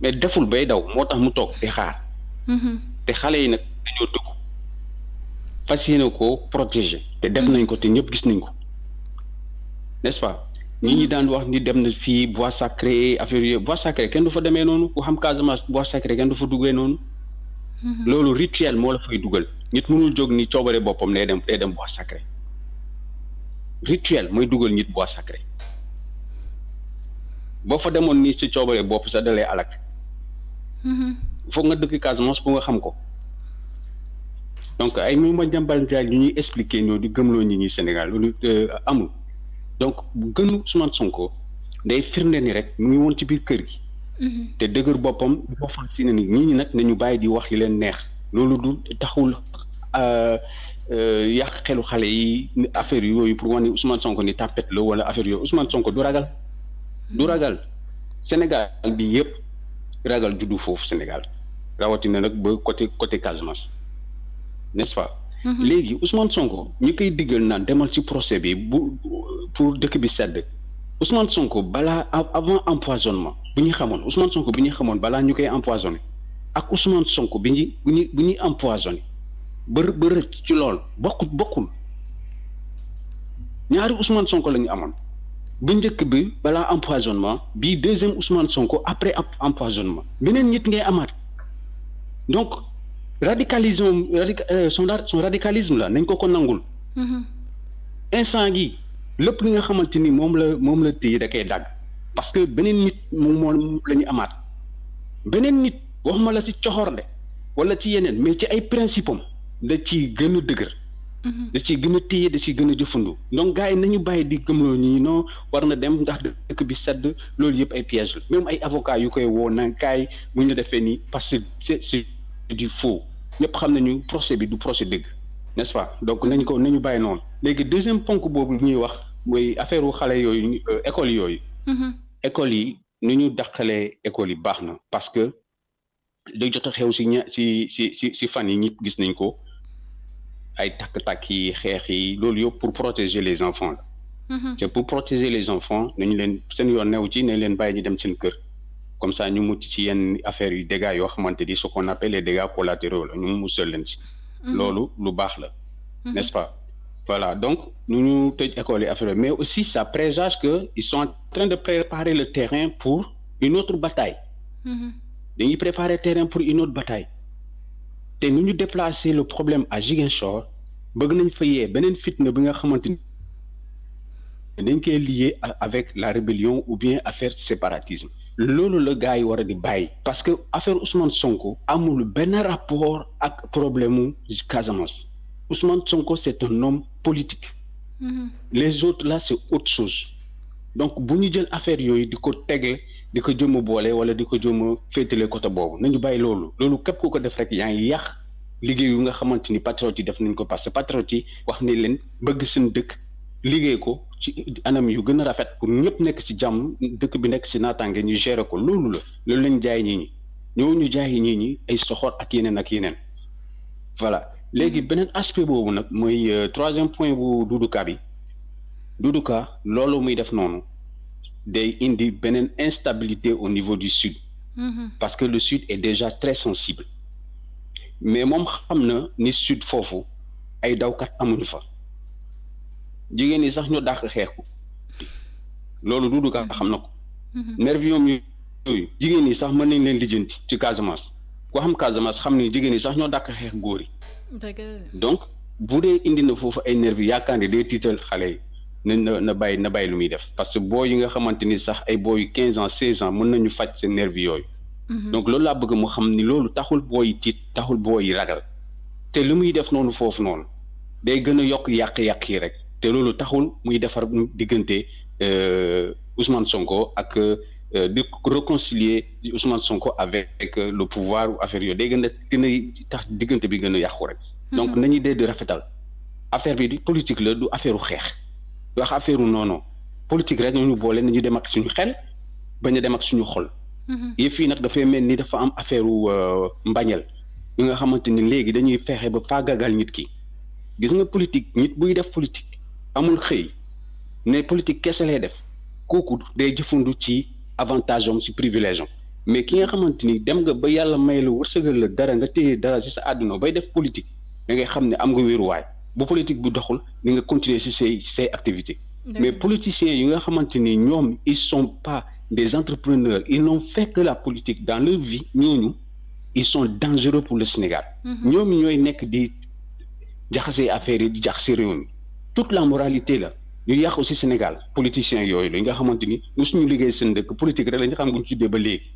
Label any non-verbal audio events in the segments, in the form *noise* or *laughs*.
mais deful bay daw moo tax mu toog di xaar. Mm-hmm. te xale yi nag dañoo dugg fas ko protéger. te def nañ ko te ñëpp gis nañ ko n'est-ce pas. ñi ñi mm-hmm. daan wax ni dem na fii bois sacré affaire yooyu bois sacré kenn du fa demee noonu ku xam Casamance bois sacré kenn du fa duggee noonu. Mm-hmm. loolu rituel moo la fay dugal nit mënul jóg ni coobare boppam day dem day dem bois sacré rituel mooy dugal nit bois sacré boo fa demoon nii si coobare bopp sax dalay alak Mm-hmm. foog nga dëkk Casamance pour nga xam ko donc ay ñu ma jàmbal jaay ñu ñuy expliquer ñoo di gëmloo ñi ñuy Sénégal loolu euh, amul donc gënu Ousmane Sonko day firnde nii rek mu ngi woon ci biir kër gi mm-hmm. te dëgër boppam di ko fas yéene ni ñii ñi nag nañu bàyyi di wax li leen neex loolu du taxul euh, euh, yàq xelu xale yi affaire yooyu pour wane Ousmane Sonko ni tapette la wala affaire yooyu Ousmane Sonko du ragal du mm-hmm. ragal Sénégal bi yëpp ragal juddu foofu Sénégal rawatina nag ba côté côté Casamance n'est-ce pas. Mhm. léegi Ousmane Sonko ñu koy diggal naan demal ci procès bi bu pour dëkk bi sedd Ousmane Sonko balaa avant empoisonnement bu ñu xamoon Ousmane Sonko bi ñu xamoon balaa ñu koy empoisonné ak Ousmane Sonko bi ñuy bu ñuy bu ñuy empoisonné ba ba rëcc ci lool bokkul bokkul ñaari Ousmane Sonko la ñu amoon. bu njëkk bi balaa empoisonnement bii deuxième Ousmane Sonko après empoisonnement beneen nit ngay amaat donc radicalisme euh, son son radicalisme la nañ ko ko nangul. Mm-hmm. instant gi lépp li nga xamante ni moom la moom la téye da koy dagg parce que beneen nit moom moo la ñu amaat beneen nit wax ma la ci coxor de wala ci yeneen mais ci ay principam da ci gën a dëgër. Mhm. da ciy gën a téye da ciy gën a jëfandu donc gars yi nañu bàyyi di gëmloo ñi non war na dem ndax dëkk bi sedd loolu yëpp ay piège la même ay avocat yu koy woo na kaay bu ñu defee nii parce que c'est c'est du xam nañu procès bi du procès dëgg n'est-ce pas donc nañu ko nañu bàyyi noonu léegi deuxième ponk boobu ñuy wax mooy affaire wu xale yooyu euh, école yooyu mhm. école yi ni ñu dàqalee école yi baax na parce que day jot xew si ña si si si si fan yi ñëpp gis nañ ko ay takk-takk yi xeex yi loolu yëpp pour protéger les enfants la mhm. te pour protéger les enfants nañu leen seen yoon new ci nañ leen bàyyi ñu dem seen kër comme ça ñu mucc ci yenn affaires yu dégâts yoo xamante ni ce qu'on appelle les dégâts collatéraux la ñu musal leen ci mhm. loolu lu baax la mhm. n'est-ce pas voilà donc nu ñu tëj école yi affaire mais aussi ça présage que ils sont en train de préparer le terrain pour une autre bataille dañuy préparer terrain pour une autre bataille te nu ñu déplacer le problème à Ziguinchor bëgg nañ fa yee beneen fitna bi nga xamante ni dañ koy lié avec la rébellion ou bien affaire séparatisme loolu la gars yi war a di bàyyi parce que affaire Ousmane Sonko amul benn rapport ak problème mu Casamance Ousmane Sonko c'est un homme politique mm-hmm. les autres la c'est autre chose donc bu ñu jël affaire yooyu di ko tegle di ko jëm a boole wala di ko jëm a féetale côté boobu nañu bàyyi loolu loolu képp ku ko def rek yaa ngi yàq liggéey yu nga xamante ni patriote yi def nañ ko parce que patriote yi wax ni leen bëgg seen dëkk liggéey ko ci anam yu gën a rafet pour ñëpp nekk ci jàmm dëkk bi nekk ci naataange ñu gérer ko loolu la loolu lañ jaay ñii ñi ñoo ñu jaay ñii ñi ay soxor ak yeneen ak yeneen voilà léegi mm-hmm. beneen aspect boobu nag mooy euh, troisième point bu Doudou bi Doudou Ka muy def noonu day indi beneen instabilité au niveau du sud mm-hmm. parce que le sud est déjà très sensible mais moom xam na ni sud foofu ay dawkat amuñu fa jigéen ñi sax ñu dàq xeex ko loolu du Ka xam na ko mm-hmm. nervi yoom yooyu jigéen ñi sax mën nañ leen lijjanti ci Casamance ku xam Casamance xam ni jigéen ñi sax ñoo dàq xeex góor yi donc bu dee indi na foofu ay nervi yaakaar ne day tiital xale yi nañ na na bàyyi na bàyyi lu muy def parce que boo yi nga xamante ni sax ay boo yu quinze ans seize ans mën nañu faj seen nervi yooyu mm-hmm. donc loolu laa bëgg mu xam ni loolu taxul booy tiit taxul booy ragal te lu muy def noonu foofu noonu day gën a yokk yàq-yàq yi rek te loolu taxul muy defar diggante euh, Ousmane Sonko ak euh, di réconcilier Ousmane Sonko avec euh, le pouvoir ou affaire yooyu day gën a tax diggante bi gën a yàqu rek donc mm-hmm. nañuy dee di rafetal affaire bi politique la du affaire u xeex wax affaire non non politique rek ñu boole nañu dem ak suñu xel ba ñu dem ak suñu xol. Mhm. yëf yi nag dafay mel ni dafa am affaire euh, mbañal yi nga xamante ni léegi dañuy fexe ba faagagal nit ki gis nga politique nit buy def politique amul xëy ne politique kese lay def kooku day jëfandu ci avantage am ci privilège mais ki nga xamante ni dem nga ba yàlla may la wërsëgal la dara nga téye dara ci sa àdduna bay def politique da ngay xam ne am nga wéruwaay. bu politique bu doxul ni nga continuer si say si say activités mais politiciens yi nga xamante ni ñoom ils sont pas des entrepreneurs ils n'ont fait la politique dans leur vie ñooñu ils sont dangereux pour le Sénégal mhm. ñoom ñooy nekk di jaxasee affaire yi di jaxase réew tout la moralité la ñu yàq aussi Sénégal politiciens yooyu la nga xamante ni musuñu liggéey seen dëkk politique rek la ñu xam nga ñu tuddee ba léegi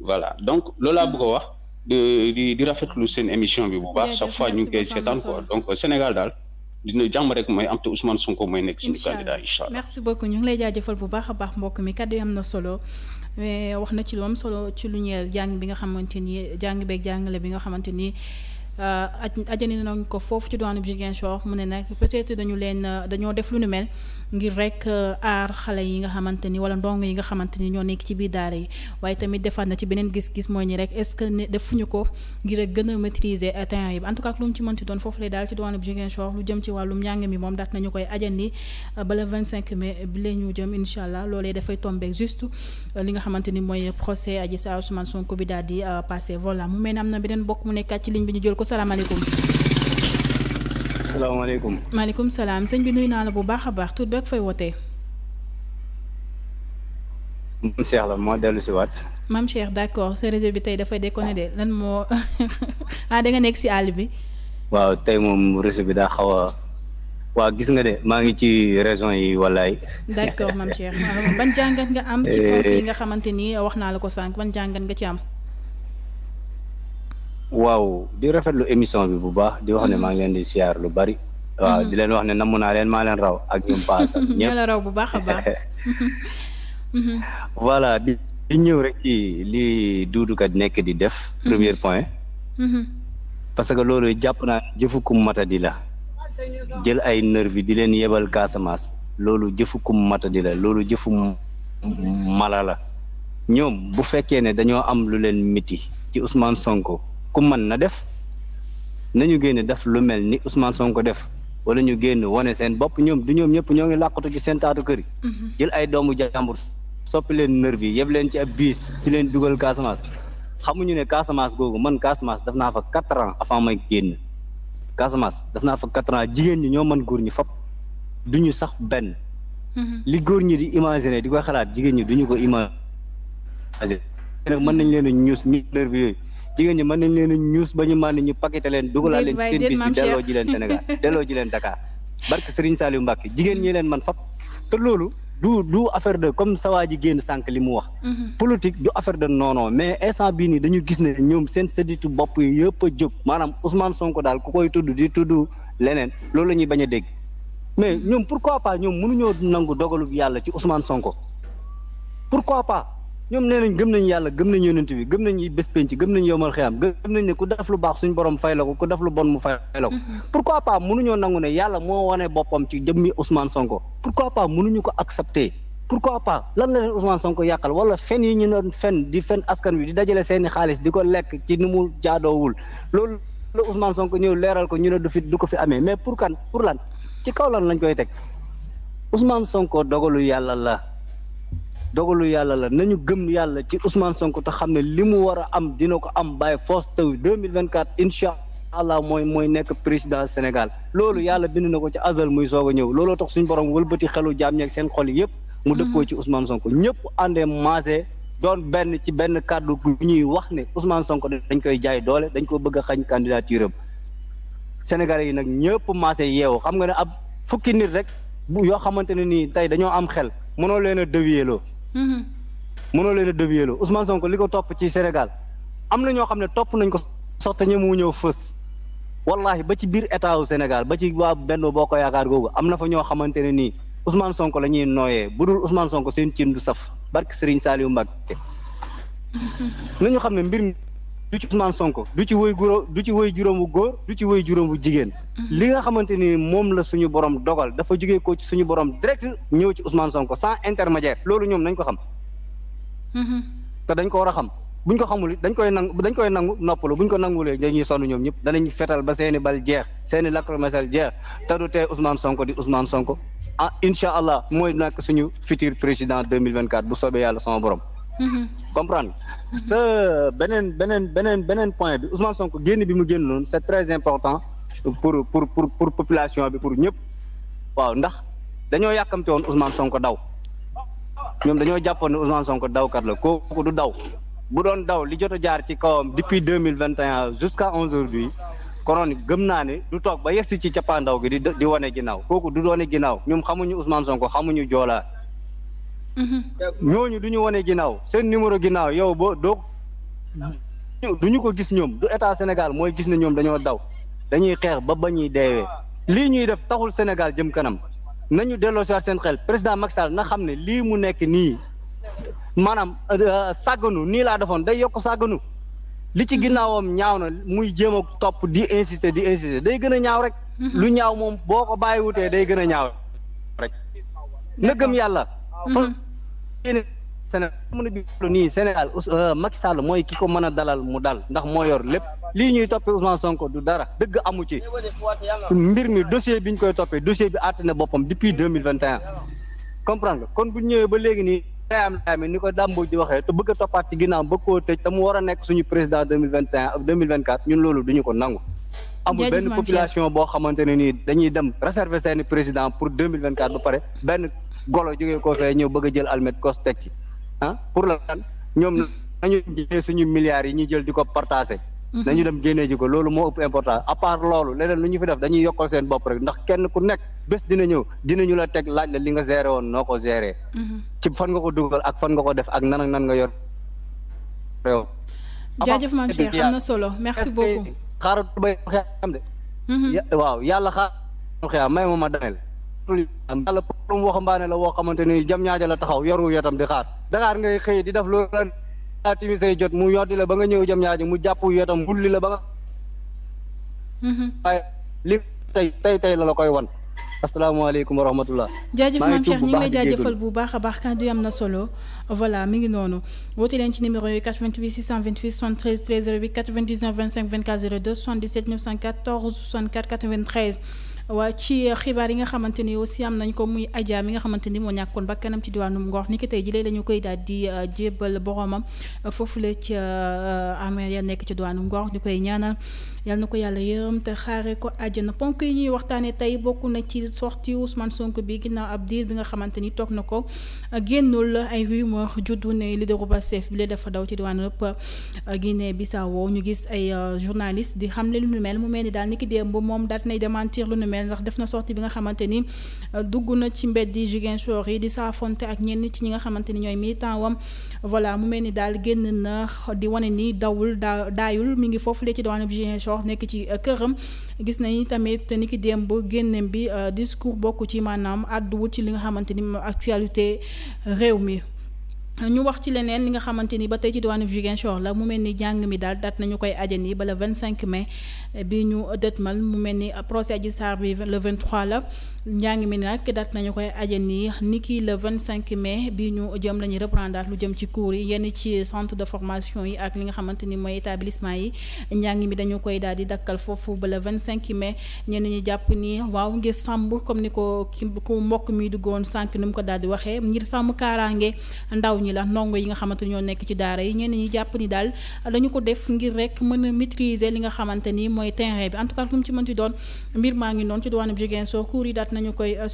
voilà donc loolu laa bëgg wax di di rafetlu seen émission bi bu baax chaque fois ñu ngi seetaan quoi donc euh, Sénégal daal dina jàmm rek mooy am te Ousmane Sonko mooy nekk suñu candidat incha ngi lay jaajëfal bu baax baax mbokk mi kaddu am na solo eh, wax na ci lu solo ci lu ñeel bi nga xamante ni jàng beeg jàngale bi nga xamante ni euh, aj ajani nañ ko foofu ci doon Ziguinchor mu ne nag peut-être dañu leen euh, dañoo def lu nu mel ngir rek eh, aar xale yi nga xamante ni wala ndongo yi nga xamante ni ñoo nekk ci biir daara yi waaye tamit defaat na ci beneen gis-gis mooy ni rek est-ce que ne defuñu ko ngir gën a maîtriser terrain yi en tout cas lu mu ci mënti doon foofu lay daal lu jëm ci wàllum njàng mi moom daat nañu koy ajandi eh, ba le 25 mai bi la ñu jëm incha allah loolee dafay tombeek juste eh, li nga xamante ni mooy procès Adji Sarr Ousmane Sonko bi daal di passé voilà mu mel am na beneen bokk mu nekkaat ci ligne bi ñu jël ko salaamaaleykum salaamaaleykum. maaleykum salaam sëñ bi nuyu naa la bu baax a baax tuut beeg fay wootee. maam Cheikh la moo dellu si waat. maam Cheikh d' accord sa réseau bi tey dafay déconné de lan moo *laughs* ah da nga nekk si àll bi. waaw tey moom réseau bi daa xaw a waaw gis nga de maa ngi ci région yi wallaay. d' accord maam Cheikh ban jàngat nga am. ci *laughs* ponk nga xamante ni wax naa la ko sànq ban jàngat nga ci am. waaw di rafetlu émission bi bu baax di wax ne mm-hmm. maa ngi leen di siyaar lu bari. Mm-hmm. di leen wax ne namu naa leen maa leen raw ak ñoom *laughs* paasa. ñëpp la raw bu baax a baax. *laughs* Mm-hmm. *laughs* voilà di di ñëw rek ci li duudukat nekk di def. premier point. parce que loolu jàpp na jëfukum matadi la jël ay nervi di leen yebal Casamance loolu jëfukum matadi la loolu jëfum mala la ñoom bu fekkee ne dañoo am lu leen miti ci Ousmane Sonko. ku mën na def nañu génn def lu mel ni son ko def wala ñu génn wane seen bopp ñoom du ñoom ñëpp ñoo ngi làqatu ci seen taatu kër yi mhm. jël ay doomu jàmbur soppi leen nervi yi yëpp leen ci ab biis ci leen dugal Casamance xamuñu ne Casamance googu man Casamance daf na fa quatre ans avant may génn Casamance daf naa fa quatre jigéen ñi ñoo man góor ñi fop du ñu sax benn mhm. li góor ñi di imaginer di ko xalaat jigéen ñi du ñu ko imaginer nag mën nañ leen a ñuus ñu nervi yooyu jigéen ñi mën nañ leen ñuus ba ñu mën ñu paqueté leen dugalaa leen ci seen leen Sénégal *laughs* delloo ji leen Dakar barke Serigne Saliou Mbacke jigéen ñi leen man fap te loolu du du affaire de comme sawaa ji génn sànq li mu wax mhm. politique du affaire de non mais instant bii nii dañu gis ne ñoom seen sëdditu bopp yi yëpp a jóg maanaam Ousmane Sonko daal ku koy tudd di tudd leneen loolu la ñuy bañ a dégg mais ñoom pourquoi pas munu mënuñoo nangu dogalub yàlla ci Ousmane Sonko pourquoi pas ñoom nee nañ nañ yàlla gëm nañ yonent bi gëm nañ bés penc gëm gëm nañ ne ku def lu baax suñ borom fay la ko ku def lu bon mu fay la ko mm-hmm. pourquoi pas mënuñoo nangu ne yàlla moo wane boppam ci jëmmi Ousmane Sonko pourquoi pas mënuñu ko accepter pourquoi pas lan la leen Ousmane Sonko yàqal wala fen yi ñu noon fen di fen askan wi di dajale seeni xaalis di ko lekk ci ni mu jaadoowul loolu la Ousmane Sonko ñëw leeral ko ñu ne du fi du ko fi amee mais pour kan pour lan ci kaw lan lañ koy teg Ousmane Sonko dogalu yàlla la dogalu yàlla la nañu gëm yàlla ci Ousmane Sonko te xam ne li mu war a am dina ko am tew bàyyi mille taw 2024 incha allah mooy mooy nekk président Sénégal loolu yàlla bind na ko ci azal muy soog a ñëw looloo tax suñu borom wëlbati xelu jaam ñeeg seen xol yëpp. mu mm-hmm. dëppoo ci Ousmane Sonko ñëpp àndee maase doon benn ci benn kàddu gu ñuy wax ne Ousmane Sonko dañ koy jaay doole dañ ko bëgg a xañ candidature am Sénégalais yi nag ñëpp maase yeewu xam nga ne ab fukki nit rek yoo xamante ne nii tey dañoo am xel mënoo leen a déwéeloo Mm-hmm. mënoo leen a dévier loo Ousmane Sonko li ko topp ci Sénégal am na ñoo xam ne topp nañ ko soxte ñemu ñëw fës wallahi ba ci biir état wu Sénégal ba ci waa Benno Bokk Yaakaar googu am na fa ñoo xamante ne nii Ousmane Sonko la ñuy nooyee bu dul Ousmane Sonko seen cin du saf barke Serigne Saliou Mbacké mm-hmm. nañu xam ne mbir du ci Ousmane Sonko du ci woy guró du ci woy juróomu góor du ci woy juróomu jigéen mm-hmm. li nga xamante ni moom la suñu borom dogal dafa jógee ko ci suñu borom direct ñëw ci Ousmane Sonko sans intermédiaire loolu ñoom nañ ko xam mm-hmm. te dañ ko war a xam buñ ko xamul dañ koy nangu dañ koy nangu noppalu buñ ko nangulee dañuy sonn ñoom ñëpp danañ fetal ba seeni bal jeex seeni lacrymogène jeex te du tee Ousmane Sonko di Ousmane Sonko ah incha allah mooy nak suñu futur président 2024 bu soobee yàlla sama borom Mm-hmm. comprendre sa beneen beneen beneen beneen point bi Ousmane sonk génn bi mu génn noonu c'est très important pour pour pour pour population bi pour ñëpp waaw ndax dañoo yàkkamte woon Ousmane Sonko daw ñoom dañoo jàppoon ne Ousmane Sonko dawkat la kooku du daw bu doon daw li jot jaar ci kawam depuis deux mille vingt et un jusqu'à aujourd'hui konoon gëm naa ne du toog ba yegsi ci cappaandaw gi di di wane ginnaaw kooku du doone ginnaaw ñoom xamuñu Ousmane Sonko xamuñu joolaa Mm-hmm. ñooñu du ñu wane ginnaaw seen numéro ginnaaw yow boo doo du ñu ko gis ñoom du état Sénégal mooy gis ne ñoom dañoo daw dañuy xeex ba ba ñuy deewee lii ñuy def taxul Sénégal jëm kanam nañu delloo si waat seen xel président Macky Sall na xam ne lii mu nekk nii maanaam euh, sàgganu nii laa defoon day yokk sàgganu li ci mm-hmm. ginnaawam ñaaw na muy jéem a topp di insister di insister day gën a ñaaw rek mm-hmm. lu ñaaw moom boo ko bàyyi wutee day gën a ñaaw rek na yàlla Sénégal mën a jublu nii Sénégal Macky Sall mooy ki ko mën a dalal mu dal ndax moo yor lépp lii ñuy toppee Ousmane Sonko du dara dëgg amu ci mbir mi dossier bi ñu koy toppee dossier bi àtte na boppam depuis deux mille vingt et un comprendre nga kon bu ñëwee ba léegi nii am laami ni ko dàmbu di waxee bëgg a toppaat ci ginnaaw bëgg koo tëj te mu war a nekk suñu président deux mille vingt et un deux mille vingt quatre ñun loolu duñu ko nangu amul benn population boo xamante ne nii dañuy dem réserver seeni président pour deux mille vingt quatre ba pare benn golo jógee ko fee ñëw bëgg a jël almet kos teg ci ah, pour la lan ñoom yi ñuy jël di ko partagé mhm. nañu dem génnee ji ko loolu moo ëpp important à part loolu leneen lu ñu fi def dañuy yokkal seen bopp rek ndax kenn ku nekk bés dina ñëw dinañu la teg laaj la li nga géré woon noo ko géré mhm. ci fan nga ko dugal ak fan nga ko def ak nan ak nan nga yor réew jaajëf maam am na xaaral bay am mhm. waaw yàlla xaaral xeex may ma ma damel. yàlla pour mu waxambaane la woo xamante ni jam ñaaja la taxaw yoru yetam di xaar Dakar ngay xëy di def loolu la timi say jot mu yoddi la ba nga ñëw jam ñaaja mu jàpp yatam wulli la ba nga. Mhm. tey tey tey lala koy wan. asalaamaaleykum wa rahmatulah. jaajëf maam Cheikh ñu ngi lay bu baax a baax kàddu yi am na solo voilà mi ngi noonu woote leen ci numéro yooyu 88 628 73 13 08 99 25 24 02 77 914 64 93. waa ci xibaar yi nga xamante ni aussi am nañ ko muy Adja mi nga xamante ni moo ñàkkoon bakkanam ci diwaanu Ngor ni ki tey jii la ñu koy daal di euh, jébbal boromam foofu la ca euh, armée ya nekk ci diwaanu ngoox ñu koy ñaanal. yal na ko yàlla yërëm te xaare ko na ponk yi ñuy waxtaanee tey bokk na ci sorti Ousmane Sonko bi ginnaaw ab diir bi nga xamante ni toog na ko génnul ay rumeur juddu ne leaderu Pastef bi lee dafa daw ci diwaan rëpp euh, Guinée Bissau ñu gis ay euh, journaliste di xam ne lu nu mel mu mel ni daal ni ki démb moom daal nay démentir lu nu mel ndax def na sorti bi nga xamante ni euh, dugg na ci mbeddi Ziguinchor yi di saafonte ak ñenn ci ñi nga xamante ni ñooy militant wam voilà mu mel ni daal génn na di wane ni dawul daa daayul mu ngi foofu lee ci diwaanu Ziguinchor Ziguinchor nekk ci euh, këram gis nañu tamit ni ki démb génneem bi euh, discours bokk ci maanaam àdduwut ci li nga xamante ni moom actualité réew mi. ñu wax ci leneen li nga xamante ni ba tey ci diwaanu Ziguinchor la mu mel ni jàng mi daal daat nañu koy ajani ba le 25 mai bi ñu dëtmal mu mel ni procès Adji Sarr bi le la njàng mi nag daat nañu koy ajani ni kii le 25 mai bi ñu jëm la ñuy lu jëm ci cours yi yenn ci centre de formation yi ak li nga xamante ni mooy établissement yi njàng mi dañu koy daal di dakkal foofu ba le 25 mai ñenn ñi jàpp nii waaw ngir sàmm comme ni ko ku mbokk mi duggoon sànq ni mu ko daal di waxee ngir sàmm kaaraange ndaw ñi la ndongo yi nga xamante ni ñoo nekk ci daara yi ñenn ñi jàpp ni daal dañu ko def ngir rek mën a maîtriser li nga xamante ni mooy terrain bi en tout cas lu mu ci mën ci doon mbir maa ngi doon ci diwaanu Ziguinchor cours yi daat nañu koy euh,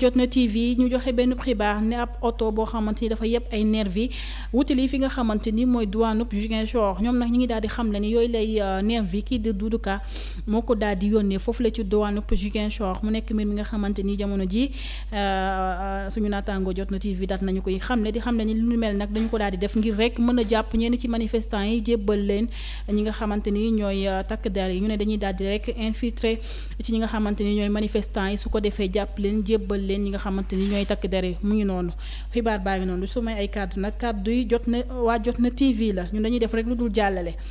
jot na TV ñu joxe benn xibaar ne oto boo xamante ni dafa yëpp ay nervi wutali fi nga xamante ni mooy diwaanu Ziguinchor ñoom nag ñu ngi daal di xam le ni yooyu lay euh, nervi kii di Doudou moo ko daal di yónnee foofu la ci diwaanu Ziguinchor mu nekk mbir mi nga xamante ni jamono ji euh, suñu naataangoo jot na TV TV daat nañu koy xamle di xamle ni lu mel nag dañu ko daal di def ngir rek mën a jàpp ñenn ci manifestants yi jébbal leen ñi nga xamante ni ñooy euh, takk der yi ñu ne dañuy daal rek infiltrer ci ñi nga xamante ni ñooy manifestants yi su ko defee jàpp leen jébbal leen ñi nga xamante ni ñooy takk der yi mu ngi noonu xibaar baa ngi noonu lu sumay ay kàddu nag kàddu yi jot na waa jot na TV la ñun dañuy def rek lu dul jàllale